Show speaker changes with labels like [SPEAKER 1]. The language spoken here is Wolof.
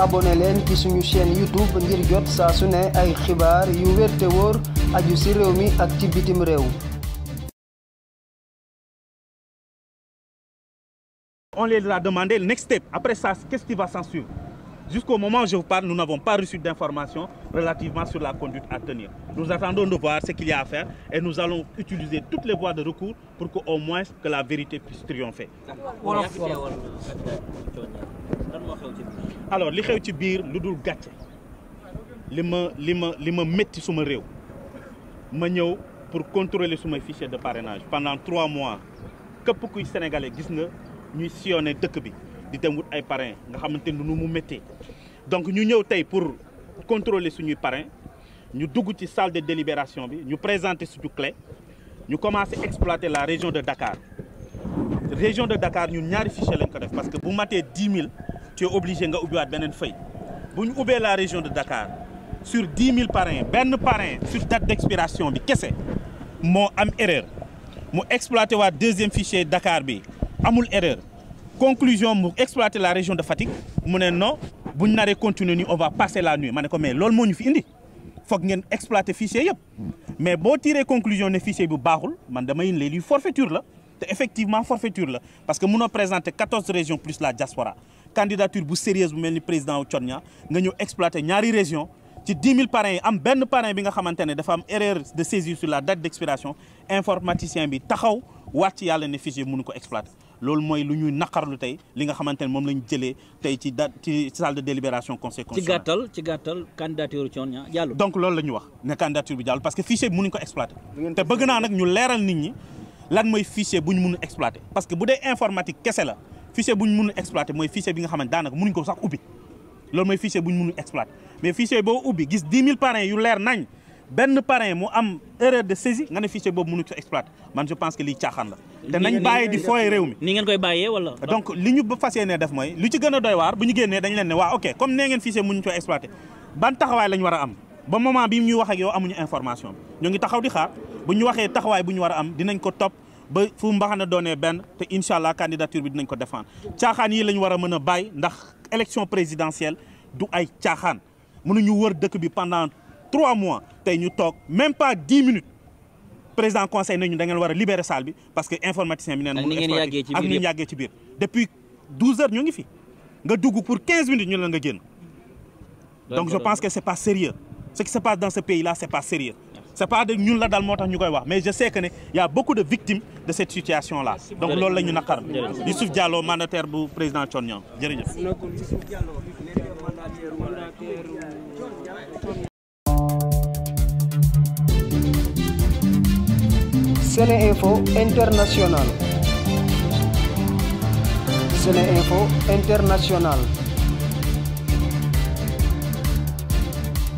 [SPEAKER 1] abonné leen ci xibaar yu wér mi ak ci réew. On les a demandé le next step. Après ça, qu'est-ce qui va s'en Jusqu'au moment où je vous parle, nous n'avons pas reçu d'informations relativement sur la conduite à tenir. Nous attendons de voir ce qu'il y a à faire et nous allons utiliser toutes les voies de recours pour qu'au moins que la vérité puisse triompher. alors li xew ci biir lu dul gàcce li ma li ma li ma métti suma réew ma ñëw pour contrôler suma fichier de parrainage pendant trois mois képp kuy sénégalais gis nga ñuy sillonné dëkk bi di dem wut ay parrain nga xamante ni mu méttee donc ñu ñëw tey pour contrôler suñuy parrain ñu dugg ci salle de délibération bi ñu présenter suñu clé ñu commencé exploiter la région de Dakar région de Dakar ñun ñaari fichier lañ ko def parce que bu matee dix mille tu es obligé nga ubbiwaat beneen fay bu ñu ubbee la région de Dakar sur dix mille parrains benn parrain sur date d'expiration bi kese moo am erreur mu exploité waa deuxième fichier dakaar bi amul erreur conclusion mu exploité la région de Fatick mu ne non bu ñu naree continuer nii on va passer la nuit ma ne ko mais loolu moo ñu fi indi foog ngeen exploité fichier yëpp mais boo tiree conclusion ne fichier bu baaxul man damay indi lii forfaiture la te effectivement forfaiture la parce que munoo présenter quatorze régions plus la diaspora candidature bu sérieuse bu mel ni président wu Thionia nga ñëw exploité ñaari région ci dix mille parrains am benn parrain bi nga xamante ne dafa am erreur de saisie sur la date d'expiration informaticien bi taxaw wàcc yàlla ne fichier mënu ko exploité loolu mooy lu ñuy naqarlu tey li nga xamante ne moom la ñu jëlee tey ci da ci salle de délibération conseil constitutionnel. ci gàttal ci gàttal candidature Thionia jàll. donc loolu la ñu wax ne candidature bi jàll parce que fichier bi mënuñ ko exploité. te bëgg naa nag ñu nit ñi lan mooy fichier bu mun exploité. parce que bu dee informatique kese la. fichier bu ñu mënul exploiter mooy fichier bi nga xamante daanaka mënuñ ko sax ubbi loolu mooy fichier bu ñu mënul exploiter mais fichier boo ubbi gis 10 yu leer nañ benn parrain mu am erreur de saisie nga ne fichier boobu mënuñ ko exploiter man je pense li ci gën a doy waar bu ñu génnee dañ leen ne waa ok comme nee ngeen fichier mënuñ ko exploiter ban taxawaay lañ war am ba moment bi ñuy wax amuñu information bi ñoo ngi taxaw di xaar bu ñu waxee taxawaay ba fu mbaxana doonee benn te incha allah candidature bi dinañ ko défendre caaxaan yi lañ war a mën a bàyyi ndax élection présidentielle du ay caaxaan ñu war dëkk bi pendant trois mois tey ñu toog même pas dix minutes président conseil nañu da ngeen war a saal salle bi parce que informaticien bi neen ak ni ngeen yàggee ci biir depuis douze heures ngi fi nga dugg pour quinze minutes ñu la nga génn donc je pense que c'est pas sérieux ce qui se passe dans ce c'est pas de ñun la dal moo tax ñu koy wax mais je sais ne y a beaucoup de victimes de cette situation là donc loolu la ñu naqar Youssouf Diallo mandataire bu président Thione Niang jërëjëf SeneInfo International SeneInfo International